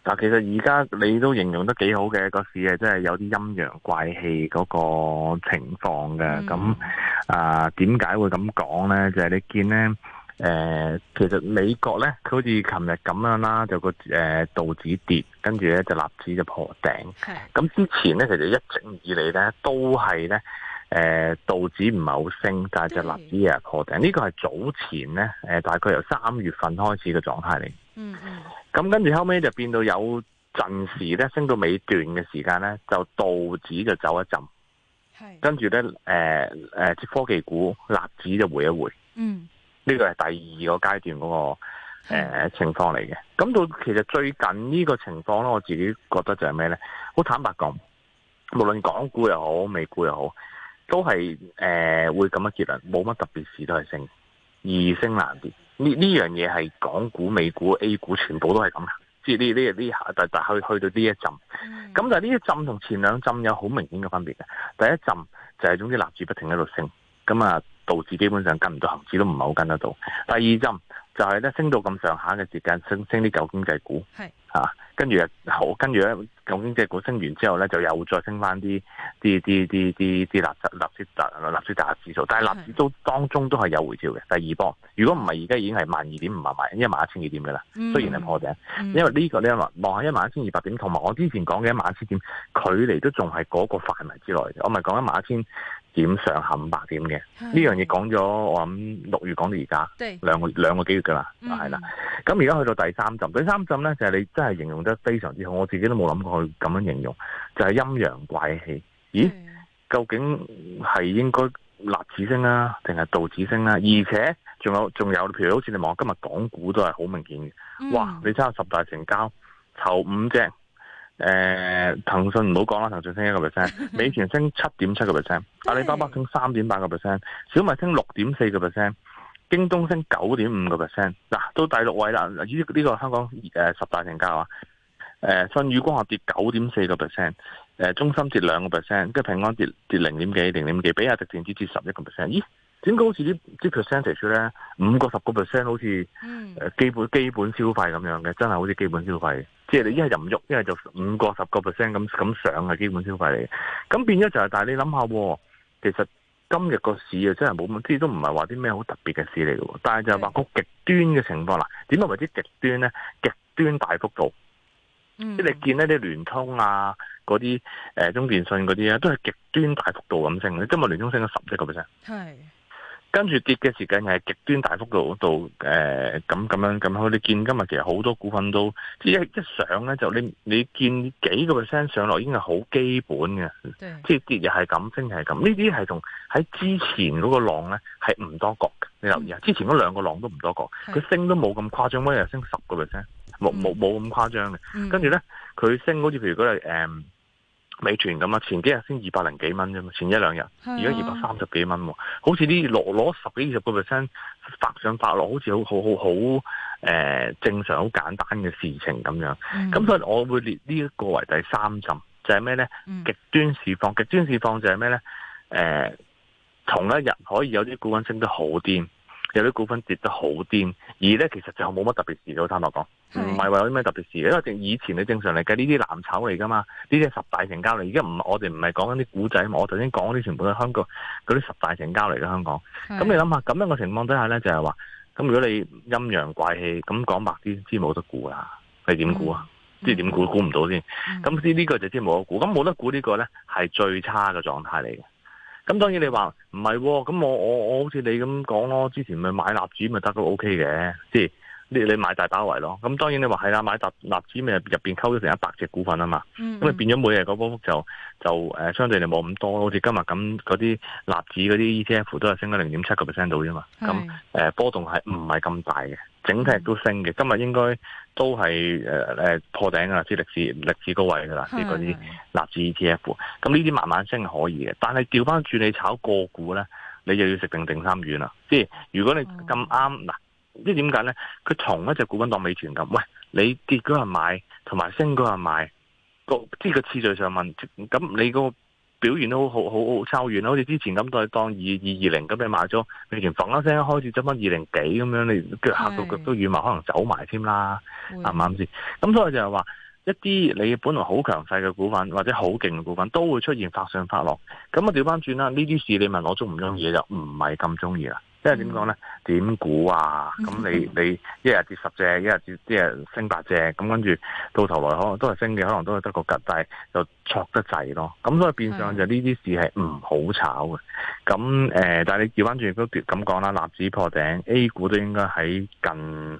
嗱，但其實而家你都形容得幾好嘅，那個市啊，真係有啲陰陽怪氣嗰個情況嘅。咁啊、嗯，點解、呃、會咁講咧？就係、是、你見咧，誒、呃，其實美國咧，佢好似琴日咁樣啦，就個誒、呃、道指跌，跟住咧就納指就破頂。係是。咁之前咧，其實一直以嚟咧都係咧，誒、呃、道指唔係好升，但係只納指啊破頂。呢是個係早前咧，誒大概由三月份開始嘅狀態嚟。嗯，咁跟住後尾就變到有陣時咧升到尾段嘅時間咧，就道指就走一浸，係跟住咧，誒誒，啲、呃呃、科技股立指就回一回，嗯，呢個係第二個階段嗰、那個誒、呃、情況嚟嘅。咁是到其實最近呢個情況咧，我自己覺得就係咩咧？好坦白講，無論港股又好，美股又好，都係誒、呃、會咁樣結論，冇乜特別事都係升，易升難跌。呢呢樣嘢係港股、美股、A 股全部都係咁，即呢呢呢下，去去到呢一陣，咁是但係呢一陣同前兩陣有好明顯嘅分別嘅。第一陣就係總之納指不停喺度升，咁啊導致基本上跟唔到恆指都唔係好跟得到。第二陣就係咧，升到咁上下嘅時間，升升啲舊經濟股，是啊跟住啊好，跟住咧，究竟即係股升完之後咧，就又再升翻啲啲啲啲啲啲垃圾垃圾雜垃圾雜指數，但係垃圾都當中都係有回調嘅第二波。如果唔係，而家已經係萬二點五萬萬，因為萬一千二點嘅啦，雖然係破頂，因為呢個咧望望下一萬一千二百點，同埋我之前講嘅一萬一千點距離都仲係嗰個範圍之內嘅。我咪講一萬一千。點上下五百點嘅呢樣嘢講咗，我諗六月講到而家，對兩個兩個幾月噶啦，係啦、嗯。咁而家去到第三陣第三陣咧就係、是、你真係形容得非常之好，我自己都冇諗過佢咁樣形容，就係、是、陰陽怪氣。咦？的究竟係應該納指升啦，定係道指升啦？而且仲有仲有，譬如，好似你望今日港股都係好明顯嘅，嗯、哇！你睇下十大成交，頭五隻。誒，騰訊唔好講啦，騰訊升一個 percent，美團升七點七個 percent，阿里巴巴升三點八個 percent，小米升六點四個 percent，京東升九點五個 percent，嗱，到、啊、第六位啦。呢、這、呢個香港誒、呃、十大成交啊，誒、呃，舜宇光學跌九點四個 percent，誒，中芯跌兩個 percent，跟平安跌跌零點幾零點幾，比亞迪電子跌十一個 percent，咦？點解好似啲啲 percentage 咧，五個十個 percent 好似誒基本、嗯、基本消費咁樣嘅，真係好似基本消費。嗯、即係你一係唔郁，一係、嗯、就五個十個 percent 咁咁上嘅基本消費嚟。咁變咗就係、是，但係你諗下、哦，其實今日個市啊，真係冇，即都唔係話啲咩好特別嘅市嚟嘅。但係就係話個極端嘅情況啦。點解為之極端咧？極端大幅度，嗯、即係你見呢啲聯通啊，嗰啲誒中電信嗰啲咧，都係極端大幅度咁升。今日聯通升咗十幾個 percent。係。跟住跌嘅時間又係極端大幅度嗰度，誒咁咁樣咁，你見今日其實好多股份都，一一上咧就你你見幾個 percent 上落，已經係好基本嘅，即係跌又係咁，升又係咁，呢啲係同喺之前嗰個浪咧係唔多角嘅，你留意下，之前嗰兩個浪都唔多角，佢升都冇咁誇張，一日升十個 percent，冇冇冇咁誇張嘅，跟住咧佢升好似譬如嗰啲誒。美團咁啊，前幾日先二百零幾蚊啫嘛，前一兩日而家二百三十幾蚊喎，好似啲攞攞十幾二十個 percent 發上發落，好似好好好誒正常好簡單嘅事情咁樣。咁所以我會列呢一個為第三浸，就係咩咧？極端市況，極端市況就係咩咧？誒、呃，同一日可以有啲股穩升得好啲。有啲股份跌得好癲，而咧其實就冇乜特別事嘅。坦白講，唔係是話有啲咩特別事，因為以前你正常嚟計呢啲藍籌嚟噶嘛，呢啲十大成交嚟。而家唔我哋唔係講緊啲估仔，我頭先講啲全部係香港嗰啲十大成交嚟嘅香港。咁，是你諗下咁樣嘅情況底下咧，就係話，咁如果你陰陽怪氣，咁講白啲，知冇得估啦，係點估啊？即係點估？估唔到先。咁呢呢個就知冇得估，咁冇得估呢個咧係最差嘅狀態嚟嘅。咁當然你話唔係喎，咁我我我好似你咁講咯，之前咪買臥主咪得個 O K 嘅，即係。你買買大包圍咯，咁當然你話係啦，買納指咪入面溝咗成一百隻股份啊嘛，咁你、嗯嗯、變咗每日嗰波幅就就相對嚟冇咁多，好似今日咁嗰啲納指嗰啲 ETF 都係升咗零點七個 percent 到啫嘛，咁是 波動係唔係咁大嘅，嗯、整體都升嘅，今日應該都係誒誒破頂啦，即係歷史歷史高位㗎啦，即嗰啲納指 ETF，咁呢啲慢慢升係可以嘅，但係調翻轉你炒個股咧，你又要食定定心丸啦，即係如果你咁啱嗱。嗯即係點解咧？佢同一隻股份當美團咁，喂，你跌嗰日買，同埋升嗰日買，個即係個次序上問，咁你個表現都好好好差遠啦，好似之前咁都係當二二二零咁，你買咗美團，房一聲開始執翻二零幾咁樣，你腳下腳到腳都軟埋可能走埋添啦，啱唔啱先？咁的所以就係話，一啲你本來好強勢嘅股份或者好勁嘅股份，都會出現發上發落。咁啊，調翻轉啦，呢啲事你問我中唔中意就唔係咁中意啦。 即係點講咧？點估啊？咁你你一日跌十隻，一日跌,一日跌一日升八隻，咁跟住到頭來可能都係升嘅，可能都係得個吉，又錯得滯咯。咁所以變相就呢啲市係唔好炒嘅。咁誒、呃，但係你調翻轉都咁講啦，納指破頂，A 股都應該喺近。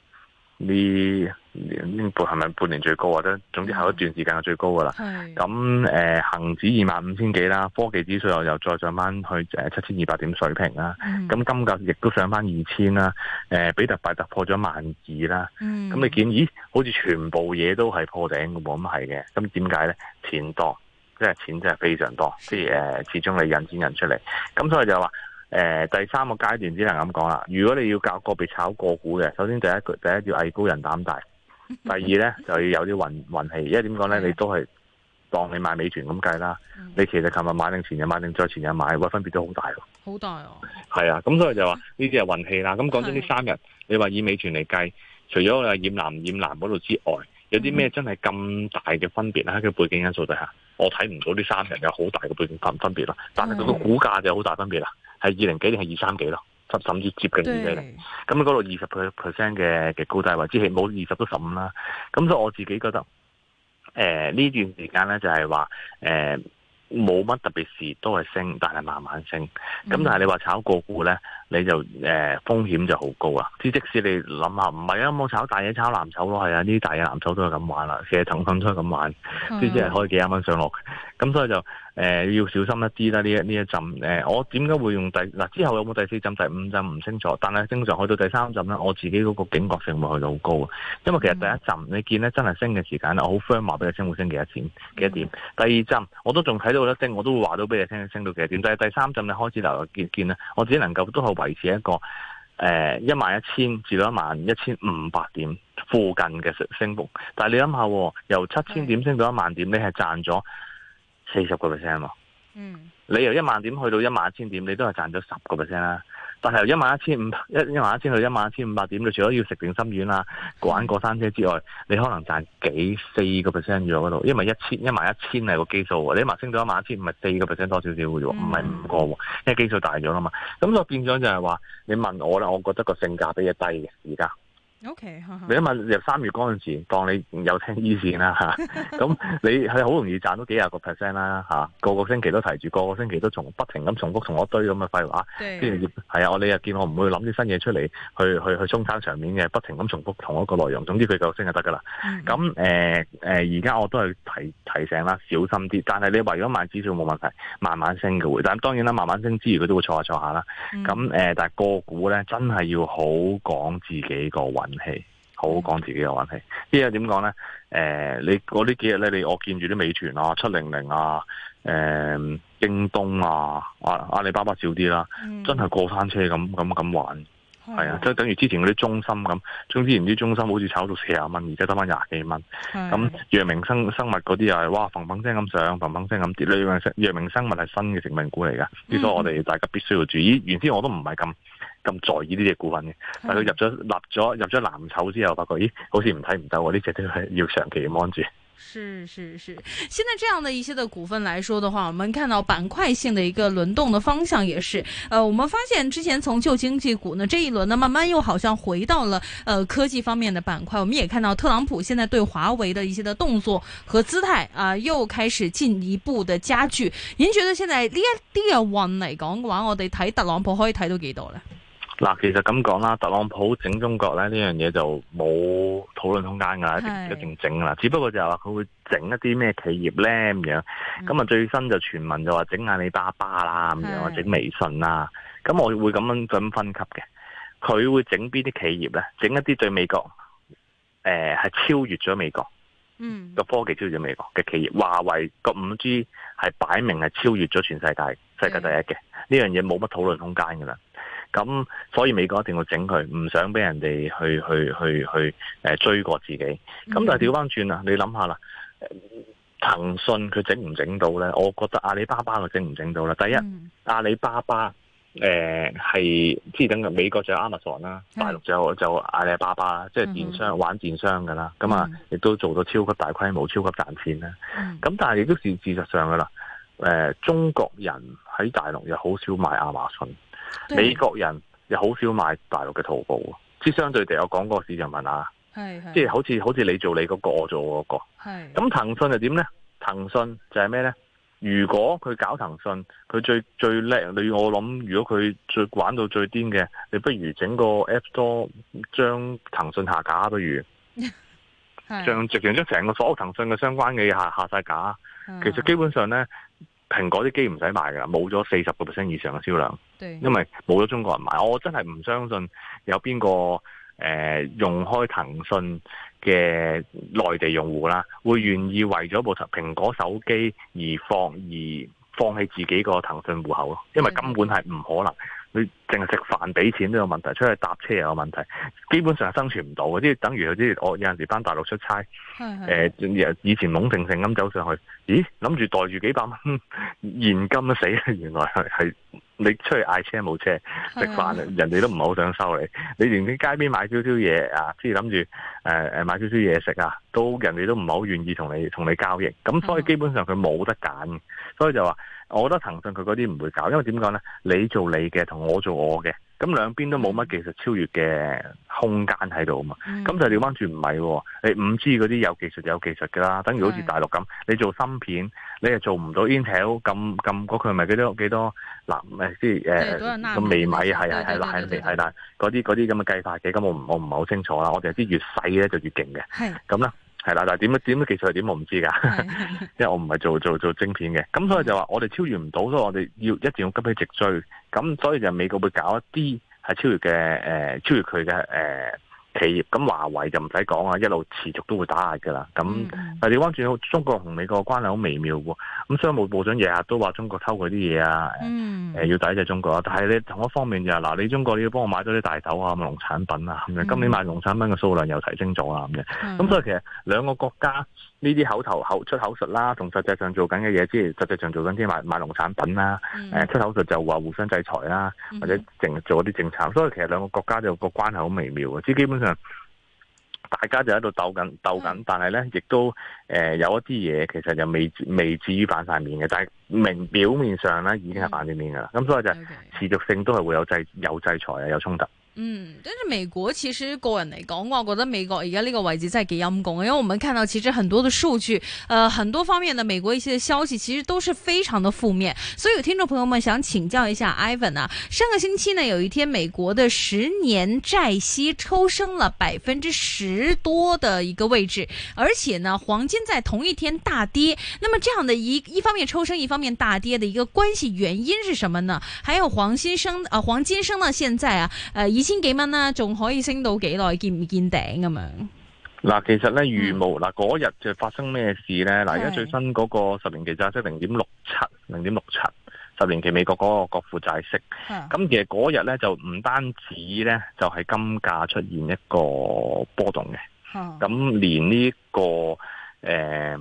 呢呢係咪半年最高或者，總之係一段時間嘅最高噶啦。咁誒是，呃、恆指二萬五千幾啦，科技指數又又再上翻去七千二百點水平啦。咁金價亦都上翻二千啦。比特幣突破咗萬二啦。咁你見咦？好似全部嘢都係破頂嘅喎。咁係嘅。咁點解呢？錢多，即係錢真係非常多。即係、呃、始終你引錢引出嚟。咁所以就係話。誒、呃，第三個階段只能咁講啦。如果你要教個別炒個股嘅，首先第一第一，第一要藝高人膽大，第二咧就要有啲運運氣。因為點講咧，的你都係當你買美團咁計啦。的你其實琴日買定前日買定再前日買，個分別都好大咯。好大哦。係啊，咁所以就話呢啲係運氣啦。咁講咗呢三日的你話以美團嚟計，除咗你話染藍唔染藍嗰度之外，有啲咩真係咁大嘅分別咧？喺個背景因素底下，我睇唔到呢三日有好大嘅背景分分別啦。但係佢個股價就好大分別啦。係二零幾年，係二三幾咯，甚至接近二零幾年。咁嗰度二十 percent 嘅嘅高低位，即係冇二十都十五啦。咁所以我自己覺得，誒、呃、呢段時間咧就係、是、話，誒冇乜特別事都係升，但係慢慢升。咁但係你話炒過股咧，你就誒、呃、風險就好高啦，即即使你諗下，唔係啊，冇炒大嘢，炒藍籌咯，係啊，啲大嘢藍籌都係咁玩啦。其實騰訊都係咁玩，即啲係開幾十蚊上落。咁所以就。誒、呃，要小心一啲啦，呢一呢一陣誒、呃，我點解會用第嗱之後有冇第四陣、第五陣唔清楚，但係正常去到第三陣咧，我自己嗰個警覺性會去到好高，因為其實第一陣、嗯、你見咧真係升嘅時間啦，好 firm 話俾你聽會升幾多錢幾多點。嗯、第二陣我都仲睇到咧，即係我都會話到俾你聽升到幾多點。但係第三陣你開始留嚟見見咧，我只能夠都係維持一個誒一萬一千至到一萬一千五百點附近嘅升升幅。但係你諗下、呃，由七千點升到一萬點，嗯、你係賺咗。四十個 percent 喎，嗯，你由一萬點去到一萬一千點，你都係賺咗十個 percent 啦。但係由一萬一千五一一萬一千去一萬一千五百點，你除咗要食定心丸啦、啊，玩過山車之外，你可能賺幾四個 percent 咗喺度，因為一千一萬一千係個基數，你一萬升到一萬一千，唔係四個 percent 多少少嘅啫，唔係、嗯、五個，因為基數大咗啦嘛。咁就變咗就係話，你問我啦，我覺得個性價比係低嘅，而家。O.K.、Uh huh. 你一問入三月嗰陣時，當你有聽依線啦吓，咁 你係好容易賺到幾廿個 percent 啦吓，個、啊啊、個星期都提住，個個星期都重，不停咁重複同一堆咁嘅廢話。係對啊，我你又見我唔會諗啲新嘢出嚟，去去去中生場面嘅，不停咁重複同一個內容。總之佢夠升就得噶啦。咁誒誒，而家、呃呃、我都係提提醒啦，小心啲。但係你話如果買指數冇問題，慢慢升嘅會。但係當然啦，慢慢升之餘，佢都會錯下錯下啦。咁誒、嗯呃，但係個股咧，真係要好講自己個運氣，好好講自己嘅運氣。呢日點講咧？誒，你我呢幾日咧，你我見住啲美團啊、七零零啊、誒京東啊、阿阿里巴巴少啲啦，真係過山車咁咁咁玩。係啊，即係等於之前嗰啲中心咁，總之前啲中心好似炒到四十蚊，而且得翻廿幾蚊。咁藥明生生物嗰啲又係，哇砰砰聲咁上，砰砰聲咁跌。呢樣藥明生物係新嘅成分股嚟嘅，呢所以我哋大家必須要注意。原先我都唔係咁，咁在意呢隻股份嘅，但係佢入咗、立咗、入咗藍籌之後，發覺咦，好似唔睇唔得，呢隻都係要長期望住。是是是，現在這樣的一些的股份來說的話，我們看到板塊性的一個輪動的方向也是，呃，我們發現之前從舊經濟股呢，呢這一輪呢，慢慢又好像回到了，呃，科技方面的板塊。我們也看到特朗普現在對華為的一些的動作和姿態，啊、呃，又開始進一步的加劇。您覺得現在呢一啲嘅運嚟講嘅話，我哋睇特朗普可以睇到幾多呢？嗱，其實咁講啦，特朗普整中國咧，呢樣嘢就冇討論空間噶啦，是一定一定整啦。只不過就係話佢會整一啲咩企業咧咁樣，咁啊、嗯、最新就傳聞就話整阿里巴巴啦咁樣，是或者整微信啦、啊。咁我會咁樣咁分級嘅，佢會整邊啲企業咧？整一啲對美國誒係、呃、超越咗美國，嗯，個科技超越咗美國嘅企業，華為個五 G 係擺明係超越咗全世界，世界第一嘅，呢是樣嘢冇乜討論空間噶啦。咁所以美國一定要整佢，唔想俾人哋去去去去追過自己。咁但係調翻轉啊，你諗下啦，騰訊佢整唔整到咧？我覺得阿里巴巴佢整唔整到啦。第一，阿里巴巴誒係即係等美國就 z o n 啦，大陸就就阿里巴巴即係電商玩電商㗎啦。咁啊，亦都做到超級大規模、超級賺錢啦。咁但係亦都是事實上㗎啦。中國人喺大陸又好少買亞馬遜。對美國人又好少買大陸嘅淘寶，即係相對地，我講個市場問下，即係是是 好似好似你做你嗰，那個，我做我嗰，那個。係咁，騰訊就點咧？騰訊就係咩咧？如果佢搞騰訊，佢最最叻，你我諗，如果佢最玩到最癲嘅，你不如整個 App Store 將騰訊下架，不如，將直情將成個所有騰訊嘅相關嘅嘢，下下晒架。的其實基本上咧。蘋果啲機唔使買噶，冇咗四十個 percent 以上嘅銷量，對因為冇咗中國人買，我真係唔相信有邊個誒、呃、用開騰訊嘅內地用戶啦，會願意為咗部蘋蘋果手機而放而放棄自己個騰訊戶口咯，因為根本係唔可能。你淨係食飯俾錢都有問題，出去搭車又有問題，基本上係生存唔到嘅。即係等於有啲我有陣時返大陸出差，誒是、呃，以前懵盛盛咁走上去，咦，諗住袋住幾百蚊現金都死，原來係係你出去嗌車冇車，食飯是人哋都唔係好想收你。你連啲街邊買少少嘢啊，即係諗住誒誒買少少嘢食啊，都人哋都唔係好願意同你同你交易。咁所以基本上佢冇得揀，所以就話。我覺得騰訊佢嗰啲唔會搞，因為點講咧？你做你嘅，同我做我嘅，咁兩邊都冇乜技術超越嘅空間喺度啊嘛。咁、嗯、就調翻轉唔係喎，你五 G 嗰啲有技術就有技術㗎啦，等於好似大陸咁，是你做芯片你又做唔到 Intel 咁咁嗰佢咪幾多幾多嗱誒即係誒個微米係係係嗱係微係嗰啲啲咁嘅計法嘅，咁我唔我唔係好清楚啦。我哋係知越細咧就越勁嘅，咁啦的。係啦，但係點樣點樣技術係點，我唔知噶， 因為我唔係做做做晶片嘅，咁所以就話我哋超越唔到，所以我哋要一定要急起直追，咁所以就美國會搞一啲係超越嘅，誒，超越佢嘅，誒、呃。企業咁華為就唔使講啊，一路持續都會打壓噶啦。咁、mm. 但係調返轉，中國同美國關係好微妙喎。咁商務部長日日都話中國偷佢啲嘢啊，呃、要抵制中國。但係你同一方面就嗱，你中國你要幫我買咗啲大豆啊、農產品啊，咁樣。今年買農產品嘅數量又提升咗啊，咁樣。咁所以其實兩個國家呢啲口頭口出口術啦，同實際上做緊嘅嘢，即係，實際上做緊啲買買農產品啦，mm. 呃、出口術就話互相制裁啦，mm hmm. 或者淨做啲政策。所以其實兩個國家就個關係好微妙嘅，基本。大家就喺度鬥緊，鬥緊，但係咧，亦都誒、呃、有一啲嘢，其實就未未至於反晒面嘅，但係明表面上咧已經係反咗面噶啦，咁所以就是、持續性都係會有制有制裁啊，有衝突。嗯，但是美國其實個人來講，我覺得美國而家呢個位置真係幾陰功，因為我們看到其實很多的數據，呃，很多方面的美國一些消息其實都是非常的負面。所以聽眾朋友們想請教一下 Ivan 啊，上個星期呢有一天美國的十年債息抽升了百分之十多的一個位置，而且呢黃金在同一天大跌。那麼這樣的一一方面抽升，一方面大跌的一個關係原因是什麼呢？還有黃金升，呃，黃金升到現在啊，呃。二千幾蚊啦，仲可以升到幾耐？見唔見頂咁樣？嗱，其實咧，如無嗱嗰日就發生咩事咧？嗱，而家最新嗰個十年期債息零點六七，零點六七十年期美國嗰個國庫債息。咁、啊、其實嗰日咧就唔單止咧，就係、是、金價出現一個波動嘅。咁、啊、連呢、這個誒。呃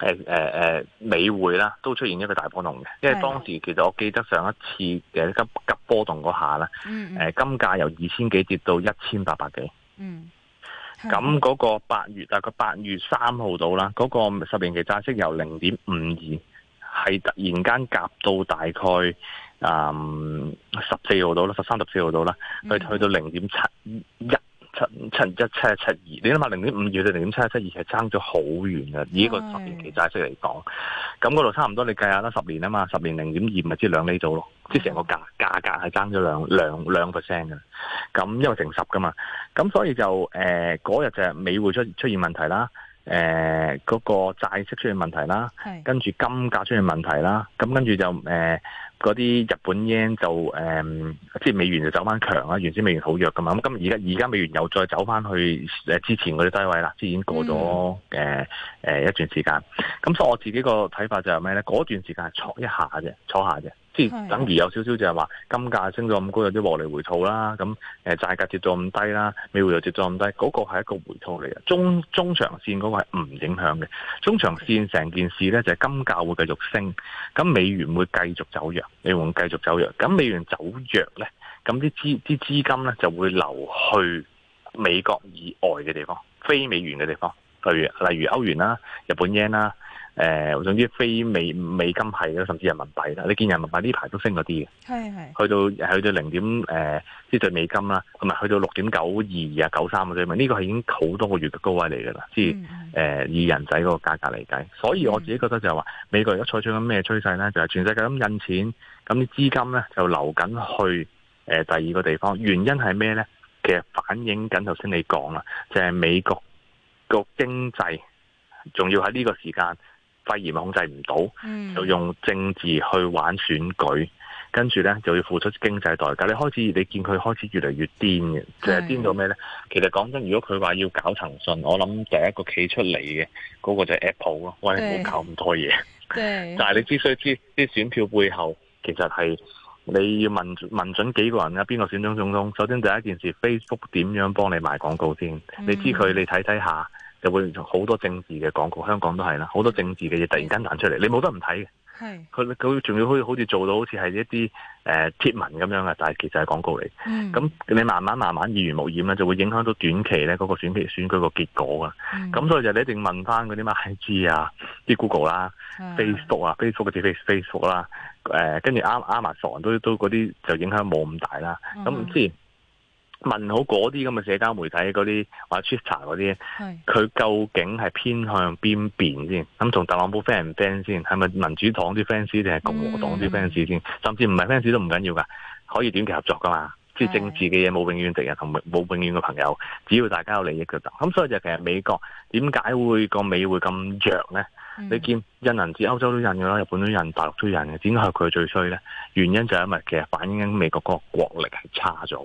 誒誒誒，美匯啦，都出現一個大波動嘅，因為當時其實我記得上一次嘅急急波動嗰下啦，誒的，金價由二千幾跌到一千八百幾，嗯，咁嗰個八月大概八月三號到啦，嗰個十年期債息由零點五二係突然間夾到大概誒十四號到啦，十三十四號到啦，去去到零點七一。七七一七七二，7, 7, 7, 7, 7, 2, 你諗下零點五二到零點七七二係爭咗好遠噶，以呢的個十年期債息嚟講，咁嗰度差唔多，你計下啦，十年啊嘛，十年零點二咪即兩厘度咯，即成的個價價格係爭咗兩兩兩 percent 噶，咁因為成十噶嘛，咁所以就誒嗰日就係美匯出出現問題啦。誒，嗰、呃，那個債息出現問題啦，跟住金價出現問題啦，咁跟住就誒、嗰、呃、啲日本 yen 就誒、呃，即係美元就走翻強啦，原先美元好弱噶嘛，咁而家而家美元又再走翻去誒之前嗰啲低位啦，之前過咗誒誒一段時間，咁所以我自己個睇法就係咩咧？嗰段時間係挫一下啫，挫下啫。即等而有少少就係話金價升咗咁高，有啲獲利回吐啦，咁誒債價跌咗咁低啦，美元又跌咗咁低，嗰個係一個回吐嚟嘅。中中長線嗰個係唔影響嘅，中長線成件事咧就係金價會繼續升，咁美元會繼續走弱，美元會繼續走弱，咁美元走弱咧，咁啲資啲金咧就會流去美國以外嘅地方，非美元嘅地方，例如例如歐元啦、啊、日本 yen 啦。誒、呃、總之非美美金係啦，甚至人民幣啦，你見人民幣呢排都升咗啲嘅，係係是是 去到去到零點誒，即、呃、對美金啦，同埋去到六點九二啊九三嘅水平，呢個係已經好多個月嘅高位嚟㗎啦，即係誒以人仔嗰個價格嚟計。所以我自己覺得就係話，美國而家採取緊咩趨勢咧？就係、是、全世界咁印錢，咁啲資金咧就流緊去誒、呃、第二個地方。原因係咩咧？其實反映緊頭先你講啦，就係、是、美國個經濟仲要喺呢個時間。肺炎控制唔到，就用政治去玩選舉，嗯、跟住呢，就要付出經濟代價。你開始，你見佢開始越嚟越癲嘅，就係、是、癲到咩呢？是其實講真，如果佢話要搞騰訊，我諗第一個企出嚟嘅嗰個就係 Apple 咯。喂，冇對搞咁多嘢。對但係你必須知啲選票背後，其實係你要問問準幾個人啊？邊個選中總統？首先第一件事，Facebook 點樣幫你賣廣告先？嗯、你知佢，你睇睇下。就會好多政治嘅廣告，香港都係啦，好多政治嘅嘢，突然間彈出嚟，你冇得唔睇嘅。係佢佢仲要可以好似做到好似係一啲誒貼文咁樣啊，但係其實係廣告嚟。嗯是。咁你慢慢慢慢耳濡目染咧，就會影響到短期咧嗰個選期選，選舉個結果啊。咁是所以就你一定要問翻嗰啲咩 IG 啊，啲 Google 啦是，Facebook 啊，Facebook 嗰啲 Facebook 啦，誒，跟住啱啱埋床都都嗰啲就影響冇咁大啦。咁雖然。問好嗰啲咁嘅社交媒體嗰啲，或者 Twitter 嗰啲，佢是究竟係偏向邊邊先？咁同特朗普 friend 唔 friend 先？係咪民主黨啲 fans 定係共和黨啲 fans 先？嗯、甚至唔係 fans 都唔緊要噶，可以短期合作噶嘛？是即係政治嘅嘢冇永遠敵人同冇永遠嘅朋友，只要大家有利益就得咁、嗯、所以就其實美國點解會個美會咁弱呢？你見印銀紙，歐洲都印嘅啦，日本都印，大陸都印嘅，點解係佢最衰呢？原因就係因為其實反映緊美國嗰個國力係差咗。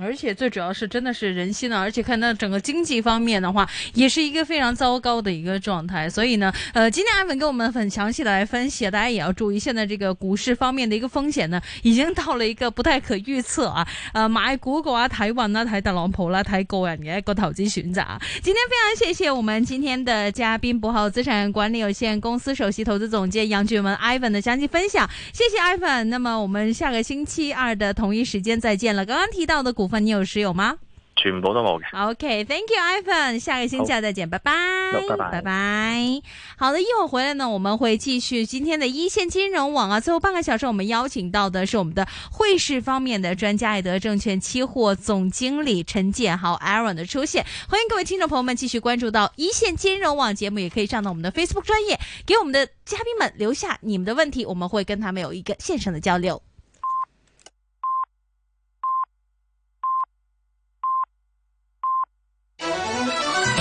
而且最主要是真的是人心呢、啊，而且看到整個經濟方面的話，也是一個非常糟糕的一個狀態。所以呢，呃，今天艾 n 給我們很詳細的來分析，大家也要注意現在這個股市方面的一個風險呢，已經到了一個不太可預測啊。呃，買 Google 啊，台灣啊、台大、啊、龍普啦，睇啊,啊,啊，你愛一討投資找啊。今天非常謝謝我們今天的嘉賓博豪資產管理有限公司首席投資總監楊俊文艾 n 的詳細分享，謝謝艾 n 那麼我們下個星期二的同一時間再見了。剛剛提到的股。股份你有持有嗎？全部都冇嘅。OK，Thank you，iPhone。下個星期再見，好拜拜，拜拜，好的，一會兒回來呢，我們會繼續今天的一線金融網啊。最後半個小時，我們邀請到的是我們的匯市方面的專家，艾德證券期貨總經理陳建豪 Aaron 的出現，歡迎各位聽眾朋友們繼續關注到一線金融網節目，也可以上到我們的 Facebook 專頁，給我們的嘉賓們留下你們的問題，我們會跟他們有一個線上的交流。